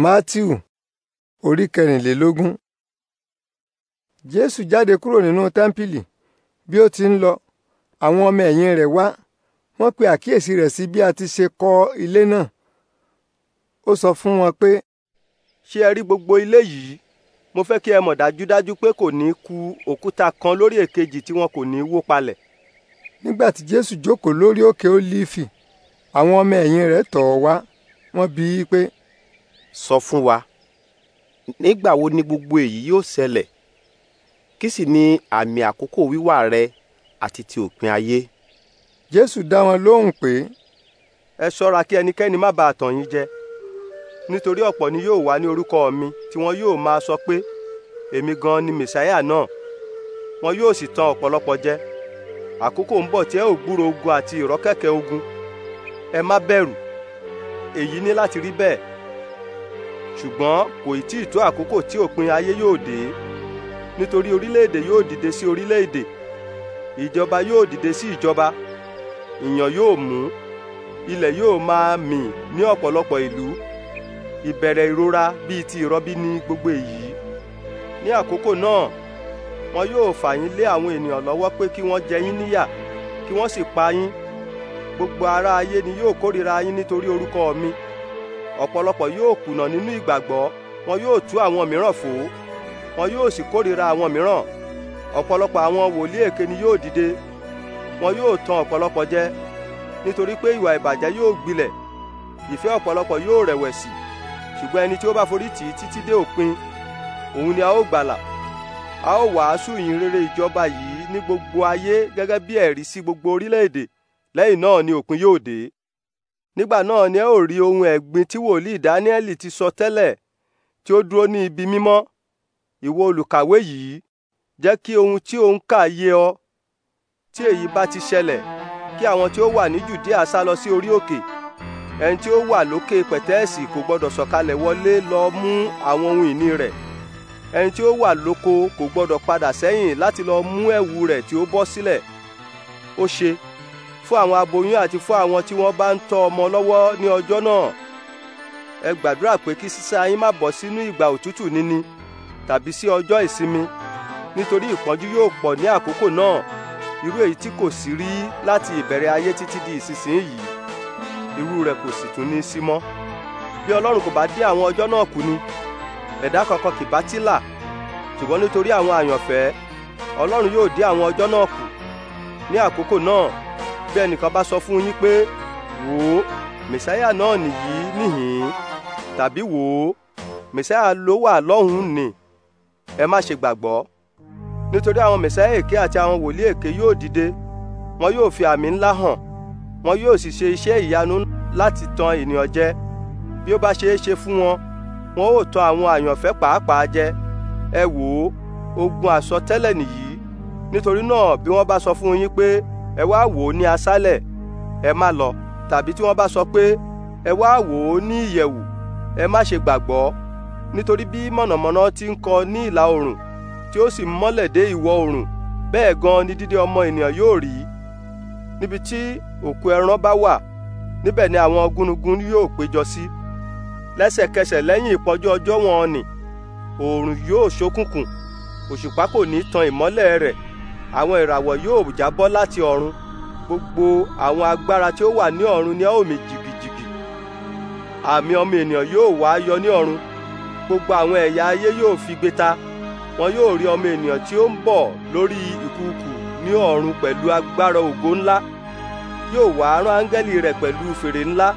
Mátíù orí kẹrìnlélógún. Jésù jáde kúrò nínú tẹ́ḿpìlì bí ó ti ń lọ àwọn ọmọ ẹ̀yìn rẹ̀ wá wọ́n pe àkíyèsí rẹ̀ sí bí a ti ṣe kọ́ ilé náà. Ó sọ fún wọn pé. Ṣé ẹ rí gbogbo ilé yìí? Mo fẹ́ kí ẹ mọ̀ dájúdájú pé kò ní ku òkúta kan lórí èkejì tí wọn kò ní wó palẹ̀. Nígbà tí Jésù jókòó lórí òkè Ólífì, àwọn ọmọ ẹ̀yìn rẹ̀ tọ̀ ọ́ wá, wọ́n bi í pé sọ fún wa nígbà wo ni gbogbo èyí yóò ṣẹlẹ̀ kí sì ni àmì àkókò wíwá rẹ àti ti òpin ayé. jésù dá wọn lóhùn pé. ẹ ṣọ́ra kí ẹnikẹ́ni má bàa tàn yín jẹ nítorí ọ̀pọ̀ ni yóò wá ní orúkọ mi tí wọn yóò máa sọ pé èmi gan ni mẹ̀sáyà náà wọn yóò sì tan ọ̀pọ̀lọpọ̀ jẹ àkókò ń bọ̀ tí ẹ ò gbúrò ogun àti ìrọ́kẹ̀kẹ̀ ogun ẹ má bẹ̀rù èyí ní láti rí bẹ́ẹ̀ ṣùgbọ́n kò ì tí ì tó àkókò tí òpin ayé yóò dé nítorí orílẹ̀-èdè yóò dìde sí orílẹ̀-èdè ìjọba yóò dìde sí ìjọba ìyàn yóò mú ilẹ̀ yóò máa mì ní ọ̀pọ̀lọpọ̀ ìlú ìbẹ̀rẹ̀ ìrora bíi ti ìrọbí ní gbogbo èyí ní àkókò náà wọn yóò fà yín lé àwọn ènìyàn lọ́wọ́ pé kí wọ́n jẹ yín níyà kí wọ́n sì pa yín gbogbo ará ayé ni yóò kórìíra yín nítorí orúkọ mi ọ̀pọ̀lọpọ̀ yóò kùnà nínú ìgbàgbọ́ wọn yóò tú àwọn mìíràn fò wọn yóò sì kórìíra àwọn mìíràn ọ̀pọ̀lọpọ̀ àwọn wòlíì èké ni yóò dìde wọn yóò tan ọ̀pọ̀lọpọ̀ jẹ nítorí pé ìwà ìbàjẹ́ yóò gbilẹ̀ ìfẹ́ ọ̀pọ̀lọpọ̀ yóò rẹ̀wẹ̀sì ṣùgbọ́n ẹni tí ó bá forí tì í títí dé òpin òun ni a ó gbàlà a ó wàásù ìyìn rere ìjọba yìí ní gbogbo ayé gẹ́gẹ́ bí ẹ̀rí sí gbogbo orílẹ̀-èdè lẹ́yìn náà ni òpin yóò dé nígbà náà ni ẹ ó rí ohun ẹ̀gbin tí wòlíì Dáníẹ́lì ti sọ tẹ́lẹ̀ tí ó dúró ní ibi mímọ́ ìwọ olùkàwé yìí jẹ́ kí ohun tí ò ń kà yé ọ tí èyí bá ti ṣẹlẹ̀ kí àwọn tí ó wà ní Jùdíà sá lọ sí orí òkè ẹni tí ó wà lókè pẹ̀tẹ́ẹ̀sì kò gbọ́dọ̀ sọ̀kalẹ̀ wọlé lọ mú àwọn ohun ìní rẹ̀ ẹni tí ó wà lóko kò gbọ́dọ̀ padà sẹ́yìn láti lọ mú ẹ̀wù rẹ̀ tí ó bọ́ sílẹ̀ ó ṣe fún àwọn aboyún àti fún àwọn tí wọ́n bá ń tọ́ ọmọ lọ́wọ́ ní ọjọ́ náà ẹ gbàdúrà pé kí sísá yín má bọ́ sínú ìgbà òtútù níní tàbí sí ọjọ́ ìsinmi nítorí ìpọ́njú yóò pọ̀ ní àkókò náà irú èyí tí kò sí rí láti ìbẹ̀rẹ̀ ayé títí di ìsinsìnyí irú rẹ̀ kò sì tún ní sí mọ́ bí ọlọ́run kò bá dé àwọn ọjọ́ náà kù ni ẹ̀dá kankan kì bá tí là ṣùgbọ́n nítorí àwọn àyànfẹ́ ọlọ́run yóò dé àwọn ọjọ́ náà kù ní àkókò náà bí ẹnìkan bá sọ fún yín pé wò ó mẹsáyà náà nìyí níhìn tàbí wò ó mẹsáyà ló wà lọ́hùn-ún nì ẹ má ṣe gbàgbọ́ nítorí àwọn mẹsáyà èké àti àwọn wòlíì èké yóò dìde wọn yóò fi àmì ńlá hàn wọn yóò sì ṣe iṣẹ́ ìyanu láti tan ènìyàn jẹ bí ó bá ṣeé ṣe fún wọn wọn ò tan àwọn àyànfẹ́ pàápàá jẹ ẹ wò ó ogun àsọtẹ́lẹ̀ nìyí nítorí náà bí wọ́n bá sọ fún yín pé ẹ wá wò ó ní aṣálẹ̀ ẹ má lọ tàbí tí wọ́n bá sọ pé ẹ wá wò ó ní ìyẹ̀wù ẹ má ṣe gbàgbọ́ nítorí bí mọ̀nàmọ́ná ti ń kọ ní ìlà oòrùn tí ó sì mọ́lẹ̀ dé ìwọ̀ oòrùn bẹ́ẹ̀ gan ni dídé ọmọ ènìyàn yóò rí níbi tí òkú ẹran bá wà níbẹ̀ ni àwọn gúnugún yóò péjọ sí lẹ́sẹ̀kẹsẹ̀ lẹ́yìn ìpọ́jú ọjọ́ wọn nì oòrùn yóò ṣókùnkùn òṣùpá kò ní tan ìmọ́lẹ̀ rẹ̀ àwọn ìràwọ̀ yóò jábọ́ láti ọ̀run gbogbo àwọn agbára tí ó wà ní ọ̀run ni a ó mì jìgìjìgì àmì ọmọ ènìyàn yóò wá yọ ní ọ̀run gbogbo àwọn ẹ̀yà ayé yóò figbe ta wọn yóò rí ọmọ ènìyàn tí ó ń bọ̀ lórí ìkúùkù ní ọ̀run pẹ̀lú agbára ògo ńlá yóò wá rán áńgẹ́lì rẹ̀ pẹ̀lú fèrè ńlá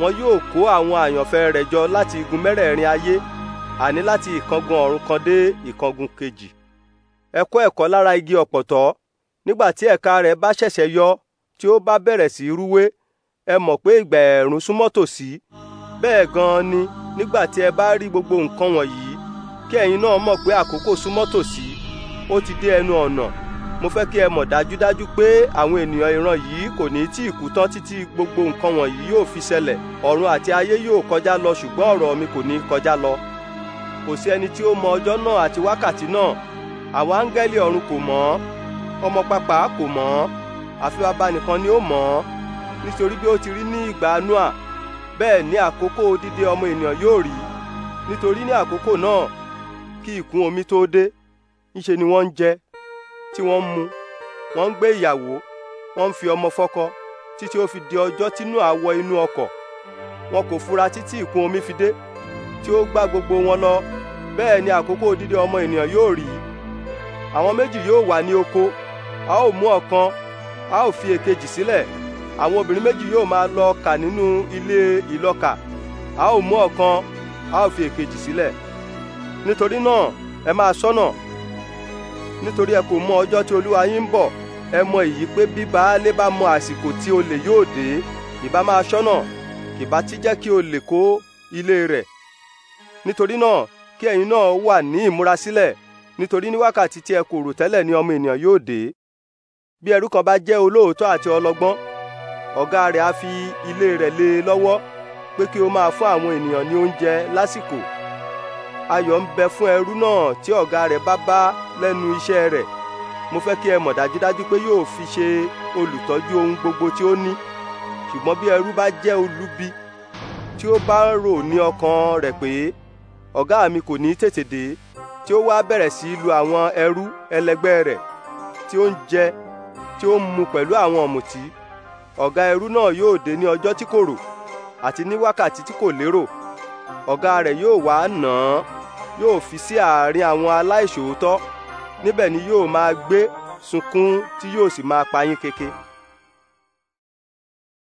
wọn yóò kó àwọn àyànfẹ́ rẹ̀ jọ láti igun mẹ́rẹ̀ẹ̀rin ayé àní láti ìkangun ọ̀run kan dé ìkangun kejì ẹ kọ́ ẹ̀kọ́ lára igi ọ̀pọ̀tọ́ nígbà tí ẹ̀ka rẹ̀ bá ṣẹ̀ṣẹ̀ yọ tí ó bá bẹ̀rẹ̀ sí í rúwé ẹ mọ̀ pé ìgbà ẹ̀ẹ̀rùn súnmọ́ tòsí bẹ́ẹ̀ gan-an ni nígbà tí ẹ bá rí gbogbo nǹkan wọ̀nyí kí ẹ̀yin náà mọ̀ pé àkókò súnmọ́ tòsí ó ti dé ẹnu ọ̀nà mo fẹ́ kí ẹ mọ̀ dájúdájú pé àwọn ènìyàn ìran yìí kò ní tí ì kú tán títí gbogbo nǹkan wọ̀nyí yóò fi ṣẹlẹ̀ ọ̀run àti ayé yóò kọjá lọ ṣùgbọ́n ọ̀rọ̀ mi kò ní kọjá lọ kò sí ẹni tí ó mọ ọjọ́ náà àti wákàtí náà àwọn áńgẹ́lì ọ̀run kò mọ̀ ọmọ pápá kò mọ̀ àfi bàbá nìkan ni ó mọ̀ nítorí bí ó ti rí ní ìgbà noa bẹ́ẹ̀ ní àkókò dídé ọmọ ènìyàn yóò rí nítorí ní àkókò náà kí ìkún omi tó dé ńṣe ni wọ́n ń jẹ tí wọ́n ń mu wọ́n ń gbé ìyàwó wọ́n ń fi ọmọ fọ́kọ títí ó fi di ọjọ́ tí noa wọ inú ọkọ̀ wọn kò fura títí ìkún omi fi dé tí ó gbá gbogbo wọn lọ bẹ́ẹ̀ ni àkókò dídé ọmọ ènìyàn yóò rí àwọn méjì yóò wà ní oko a ó mú ọ̀kan a ó fi èkejì sílẹ̀ àwọn obìnrin méjì yóò máa lọ kà nínú ilé ìlọ́kà a ó mú ọ̀kan a ó fi èkejì sílẹ̀ nítorí náà ẹ máa ṣọ́nà nítorí ẹ kò mọ ọjọ́ tí olúwa yín ń bọ̀ ẹ mọ èyí pé bí baálé bá mọ àsìkò tí olè yóò dé ìbá máa ṣọ́nà kìbá ti jẹ́ kí olè kó ilé rẹ̀ nítorí náà kí ẹ̀yin náà wà ní ìmúrasílẹ̀ nítorí ní wákàtí tí ẹ kò rò tẹ́lẹ̀ ni ọmọ ènìyàn yóò dé bí ẹrú kan bá jẹ́ olóòótọ́ àti ọlọ́gbọ́n ọ̀gá rẹ̀ á fi ilé rẹ̀ lé e lọ́wọ́ pé kí ó máa fún àwọn ènìyàn ní oúnjẹ lásìkò ayọ̀ ń bẹ fún ẹrú náà tí ọ̀gá rẹ̀ bá bá lẹ́nu iṣẹ́ rẹ̀ mo fẹ́ kí ẹ mọ̀ dájúdájú pé yóò fi ṣe olùtọ́jú ohun gbogbo tí ó ní ṣùgbọ́n bí ẹrú bá jẹ́ olubi tí ó bá rò ní ọkàn rẹ̀ pé ọ̀gá mi kò ní tètè dé tí ó wá bẹ̀rẹ̀ sí lu àwọn ẹrú ẹlẹgbẹ́ rẹ̀ tí ó ń jẹ tí ó ń mu pẹ̀lú àwọn ọ̀mùtí ọ̀gá ẹrú náà yóò dé ní ọjọ́ tí kò rò àti ní wákàtí tí kò lérò ọ̀gá rẹ̀ yóò wá nà án yóò fi sí àárín àwọn aláìṣòótọ́ níbẹ̀ ni yóò máa gbé sunkún tí yóò sì máa pa yín keke.